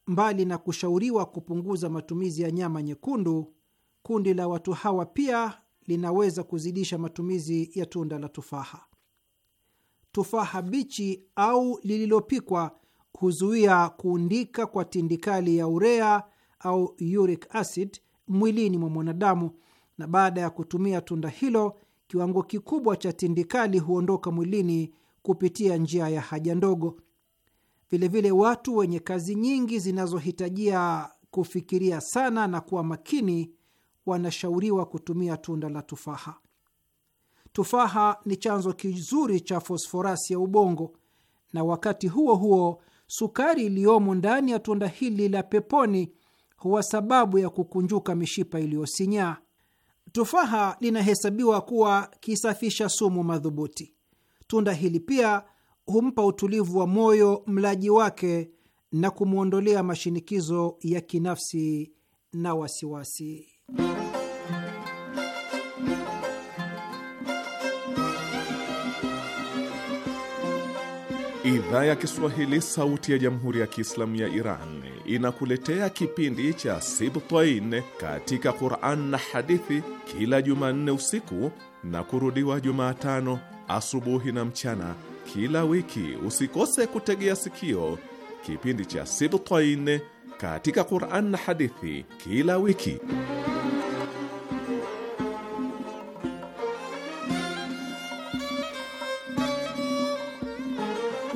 Mbali na kushauriwa kupunguza matumizi ya nyama nyekundu, kundi la watu hawa pia linaweza kuzidisha matumizi ya tunda la tufaha. Tufaha bichi au lililopikwa huzuia kuundika kwa tindikali ya urea au uric acid mwilini mwa mwanadamu, na baada ya kutumia tunda hilo kiwango kikubwa cha tindikali huondoka mwilini kupitia njia ya haja ndogo. Vilevile, watu wenye kazi nyingi zinazohitajia kufikiria sana na kuwa makini wanashauriwa kutumia tunda la tufaha. Tufaha ni chanzo kizuri cha fosforasi ya ubongo, na wakati huo huo sukari iliyomo ndani ya tunda hili la peponi huwa sababu ya kukunjuka mishipa iliyosinyaa. Tufaha linahesabiwa kuwa kisafisha sumu madhubuti. Tunda hili pia humpa utulivu wa moyo mlaji wake na kumwondolea mashinikizo ya kinafsi na wasiwasi. Idhaa ya Kiswahili, Sauti ya Jamhuri ya Kiislamu ya Iran inakuletea kipindi cha Sibtain katika Quran na hadithi kila Jumanne usiku na kurudiwa Jumatano asubuhi na mchana kila wiki. Usikose kutegea sikio kipindi cha Sibtain katika Quran na hadithi kila wiki.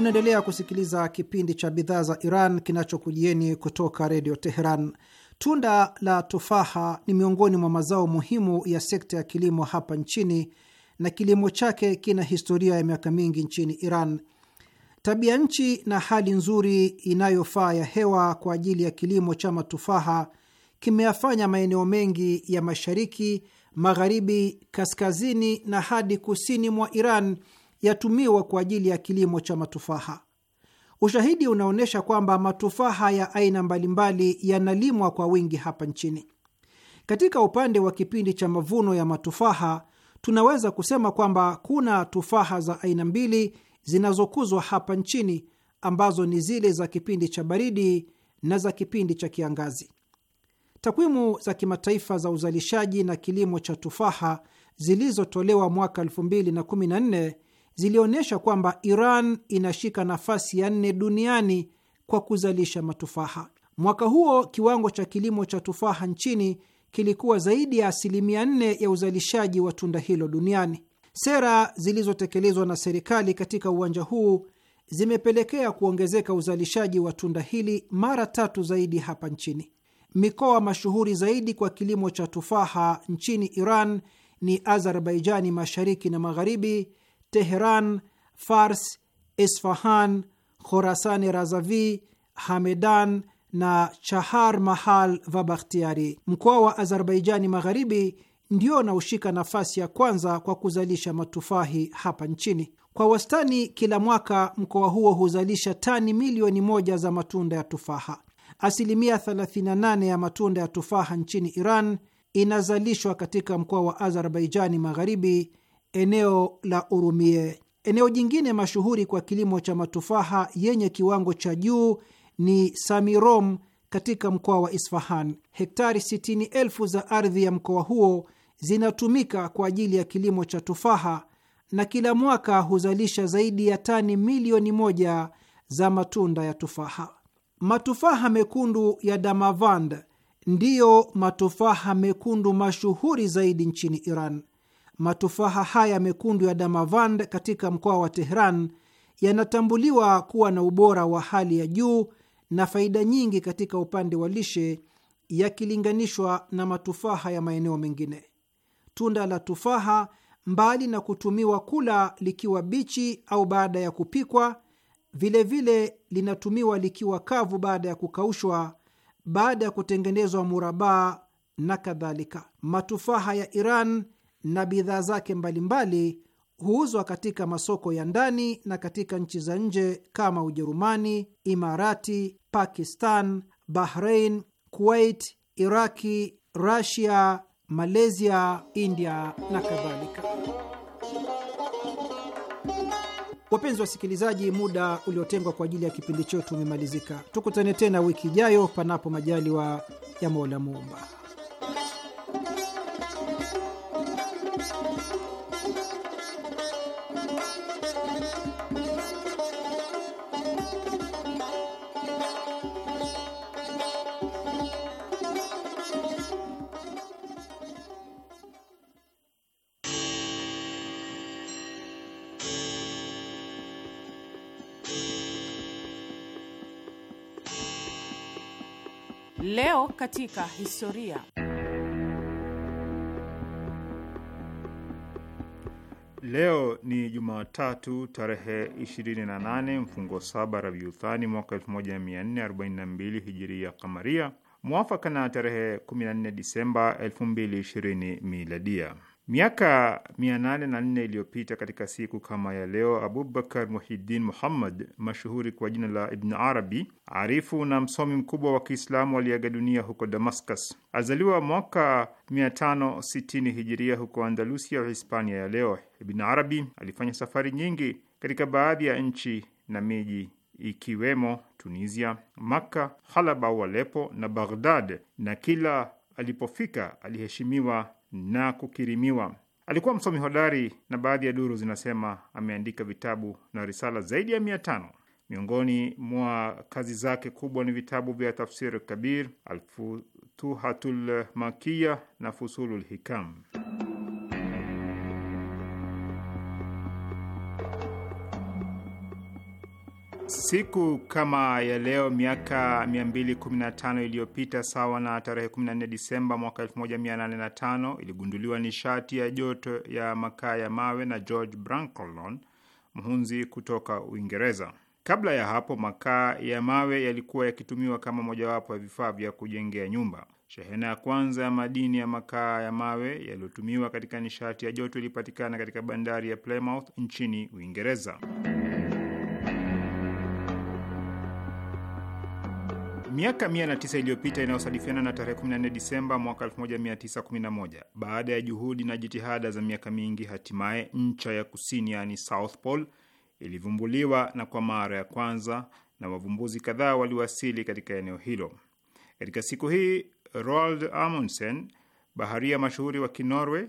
Unaendelea kusikiliza kipindi cha bidhaa za Iran kinachokujieni kutoka redio Teheran. Tunda la tufaha ni miongoni mwa mazao muhimu ya sekta ya kilimo hapa nchini na kilimo chake kina historia ya miaka mingi nchini Iran. Tabia nchi na hali nzuri inayofaa ya hewa kwa ajili ya kilimo cha matufaha kimeyafanya maeneo mengi ya mashariki, magharibi, kaskazini na hadi kusini mwa Iran yatumiwa kwa ajili ya kilimo cha matufaha. Ushahidi unaonyesha kwamba matufaha ya aina mbalimbali yanalimwa kwa wingi hapa nchini. Katika upande wa kipindi cha mavuno ya matufaha, tunaweza kusema kwamba kuna tufaha za aina mbili zinazokuzwa hapa nchini ambazo ni zile za kipindi cha baridi na za kipindi cha kiangazi. Takwimu za kimataifa za uzalishaji na kilimo cha tufaha zilizotolewa mwaka 2014 zilionyesha kwamba Iran inashika nafasi ya nne duniani kwa kuzalisha matufaha. Mwaka huo kiwango cha kilimo cha tufaha nchini kilikuwa zaidi ya asilimia nne ya uzalishaji wa tunda hilo duniani. Sera zilizotekelezwa na serikali katika uwanja huu zimepelekea kuongezeka uzalishaji wa tunda hili mara tatu zaidi hapa nchini. Mikoa mashuhuri zaidi kwa kilimo cha tufaha nchini Iran ni Azerbaijani mashariki na magharibi, Tehran, Fars, Isfahan, Khorasani Razavi, Hamedan na Chahar Mahal Vabakhtiari. Mkoa wa Azerbaijani Magharibi ndio unaoshika nafasi ya kwanza kwa kuzalisha matufahi hapa nchini. Kwa wastani, kila mwaka mkoa huo huzalisha tani milioni moja za matunda ya tufaha. Asilimia 38 ya matunda ya tufaha nchini Iran inazalishwa katika mkoa wa Azerbaijani Magharibi eneo la Urumie. Eneo jingine mashuhuri kwa kilimo cha matufaha yenye kiwango cha juu ni Samirom katika mkoa wa Isfahan. Hektari sitini elfu za ardhi ya mkoa huo zinatumika kwa ajili ya kilimo cha tufaha na kila mwaka huzalisha zaidi ya tani milioni moja za matunda ya tufaha. Matufaha mekundu ya Damavand ndiyo matufaha mekundu mashuhuri zaidi nchini Iran matufaha haya mekundu ya Damavand katika mkoa wa Tehran yanatambuliwa kuwa na ubora wa hali ya juu na faida nyingi katika upande wa lishe yakilinganishwa na matufaha ya maeneo mengine. Tunda la tufaha, mbali na kutumiwa kula likiwa bichi au baada ya kupikwa, vilevile vile linatumiwa likiwa kavu baada ya kukaushwa, baada ya kutengenezwa murabaa na kadhalika. Matufaha ya Iran na bidhaa zake mbalimbali huuzwa katika masoko ya ndani na katika nchi za nje kama Ujerumani, Imarati, Pakistan, Bahrain, Kuwait, Iraki, Rasia, Malaysia, India na kadhalika. Wapenzi wasikilizaji, muda uliotengwa kwa ajili ya kipindi chetu umemalizika. Tukutane tena wiki ijayo, panapo majaliwa ya Mola Muumba. Leo katika historia. Leo ni Jumatatu tarehe 28 mfungo saba Rabiuthani mwaka 1442 hijiria kamaria, mwafaka na tarehe 14 Disemba 2020 miladia. Miaka 804 iliyopita katika siku kama ya leo, Abubakar Muhiddin Muhammad mashuhuri kwa jina la Ibn Arabi, arifu na msomi mkubwa wa Kiislamu aliaga dunia huko Damascus. Alizaliwa mwaka 560 hijiria huko Andalusia, Hispania ya leo. Ibn Arabi alifanya safari nyingi katika baadhi ya nchi na miji ikiwemo Tunisia, Makka, Halaba au na Baghdad, na kila alipofika aliheshimiwa na kukirimiwa. Alikuwa msomi hodari na baadhi ya duru zinasema ameandika vitabu na risala zaidi ya mia tano. Miongoni mwa kazi zake kubwa ni vitabu vya Tafsir Kabir, Alfutuhatul Makiya na Fusulul Hikam. Siku kama ya leo miaka 215 iliyopita, sawa na tarehe 14 Disemba mwaka 1805, iligunduliwa nishati ya joto ya makaa ya mawe na George Brancolon, mhunzi kutoka Uingereza. Kabla ya hapo, makaa ya mawe yalikuwa yakitumiwa kama mojawapo ya vifaa vya kujengea nyumba. Shehena ya kwanza ya madini ya makaa ya mawe yaliyotumiwa katika nishati ya joto ilipatikana katika bandari ya Plymouth nchini Uingereza. Miaka 109 iliyopita inayosadifiana na tarehe 14 Disemba mwaka 1911, baada ya juhudi na jitihada za miaka mingi, hatimaye ncha ya kusini, yaani South Pole, ilivumbuliwa na kwa mara ya kwanza na wavumbuzi kadhaa waliwasili katika eneo hilo. Katika siku hii Roald Amundsen, baharia mashuhuri wa Kinorwe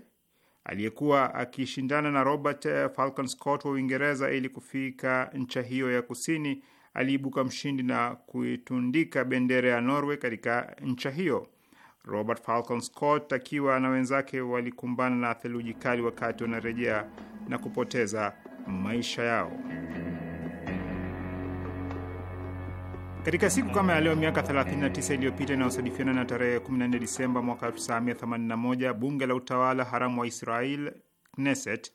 aliyekuwa akishindana na Robert eh, Falcon Scott wa Uingereza ili kufika ncha hiyo ya kusini aliibuka mshindi na kuitundika bendera ya Norway katika ncha hiyo. Robert Falcon Scott akiwa na wenzake walikumbana na theluji kali wakati wanarejea na kupoteza maisha yao. Katika siku kama ya leo miaka 39 iliyopita inayosadifiana na tarehe 14 Disemba mwaka 1981, bunge la utawala haramu wa Israel Knesset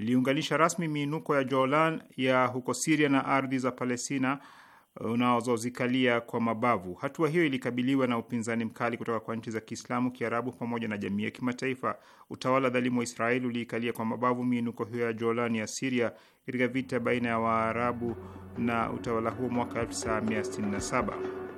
iliunganisha rasmi miinuko ya Jolan ya huko Siria na ardhi za Palestina eh, unazozikalia kwa mabavu. Hatua hiyo ilikabiliwa na upinzani mkali kutoka kwa nchi za Kiislamu, Kiarabu pamoja na jamii ya kimataifa. Utawala dhalimu wa Israeli uliikalia kwa mabavu miinuko hiyo ya jolan ya Siria katika vita baina ya Waarabu na utawala huo mwaka 1967.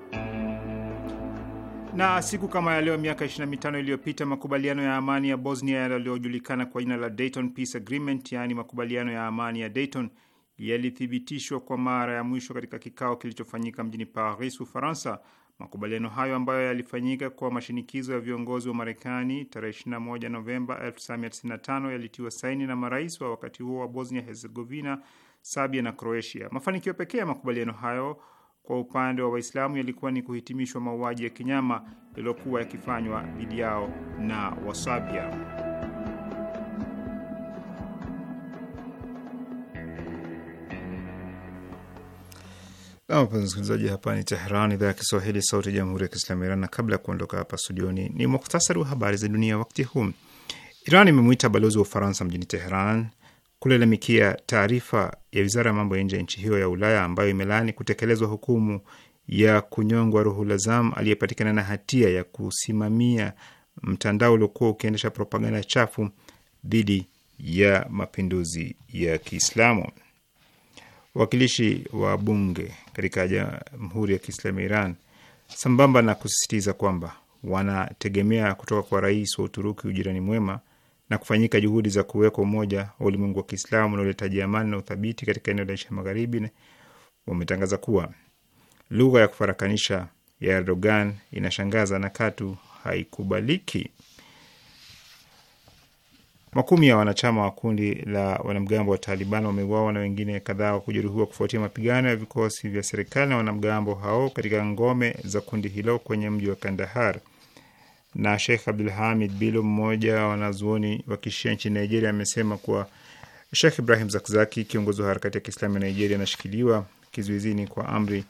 Na siku kama ya leo miaka 25 iliyopita makubaliano ya amani ya Bosnia yaliyojulikana kwa jina la Dayton Peace Agreement, yaani makubaliano ya amani ya Dayton yalithibitishwa kwa mara ya mwisho katika kikao kilichofanyika mjini Paris, Ufaransa. Makubaliano hayo ambayo yalifanyika kwa mashinikizo ya viongozi wa Marekani tarehe 21 Novemba 1995 yalitiwa saini na marais wa wakati huo wa Bosnia Herzegovina, Serbia na Croatia. Mafanikio pekee ya makubaliano hayo kwa upande wa Waislamu yalikuwa ni kuhitimishwa mauaji ya kinyama yaliyokuwa yakifanywa dhidi yao na Wasabia. Wapenzi msikilizaji, hapa ni Teheran, idhaa ya Kiswahili, sauti ya jamhuri ya kiislamu Iran. Na kabla ya kuondoka hapa studioni, ni muhtasari wa habari za dunia wakati huu. Iran imemwita balozi wa Ufaransa mjini Teheran kulalamikia taarifa ya wizara ya mambo ya nje ya nchi hiyo ya Ulaya ambayo imelaani kutekelezwa hukumu ya kunyongwa ruhulazam aliyepatikana na hatia ya kusimamia mtandao uliokuwa ukiendesha propaganda chafu dhidi ya mapinduzi ya Kiislamu. wakilishi wa bunge katika Jamhuri ya Kiislamu ya Iran, sambamba na kusisitiza kwamba wanategemea kutoka kwa rais wa Uturuki ujirani mwema na kufanyika juhudi za kuwekwa umoja wa ulimwengu wa Kiislamu na uletaji amani na uthabiti katika eneo la Asia Magharibi, wametangaza kuwa lugha ya kufarakanisha ya Erdogan inashangaza na katu haikubaliki. Makumi ya wanachama wa kundi la wanamgambo wa Taliban wameuawa na wengine kadhaa wa kujeruhiwa kufuatia mapigano ya vikosi vya serikali na wanamgambo hao katika ngome za kundi hilo kwenye mji wa Kandahar na Sheikh Abdul Hamid Bilu, mmoja wa wanazuoni wa kishia nchini Nigeria, amesema kuwa Sheikh Ibrahim Zakzaki, kiongozi wa harakati ya Kiislamu ya Nigeria, anashikiliwa kizuizini kwa amri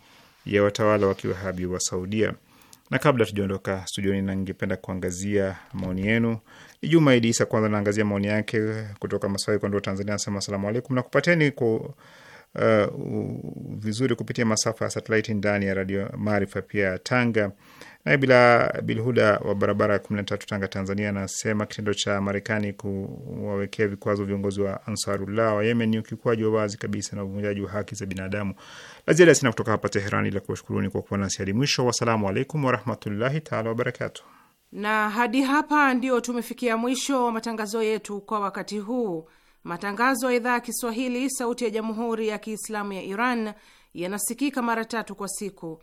ya watawala wa kiwahabi wa Saudia. Na kabla tujaondoka studioni, na ningependa kuangazia maoni yenu. Ni Juma Idi Isa kwanza naangazia maoni yake kutoka Masawi Kondoa, Tanzania. Anasema asalamu alaikum, nakupateni kwa uh, vizuri kupitia masafa ya satelaiti ndani ya Radio Maarifa pia ya Tanga. Naye Bila Bilhuda wa barabara ya kumi na tatu Tanga, Tanzania, anasema kitendo cha Marekani kuwawekea vikwazo viongozi wa Ansarullah wa Yemen ni ukiukwaji wa wazi kabisa na uvunjaji wa haki za binadamu. La ziada sina kutoka hapa Teherani, ila kuwashukuruni kwa kuwa nasi hadi mwisho. Wassalamu alaikum warahmatullahi taala wabarakatuh. Na hadi hapa ndio tumefikia mwisho wa matangazo yetu kwa wakati huu. Matangazo ya idhaa ya Kiswahili, sauti ya jamhuri ya kiislamu ya Iran yanasikika mara tatu kwa siku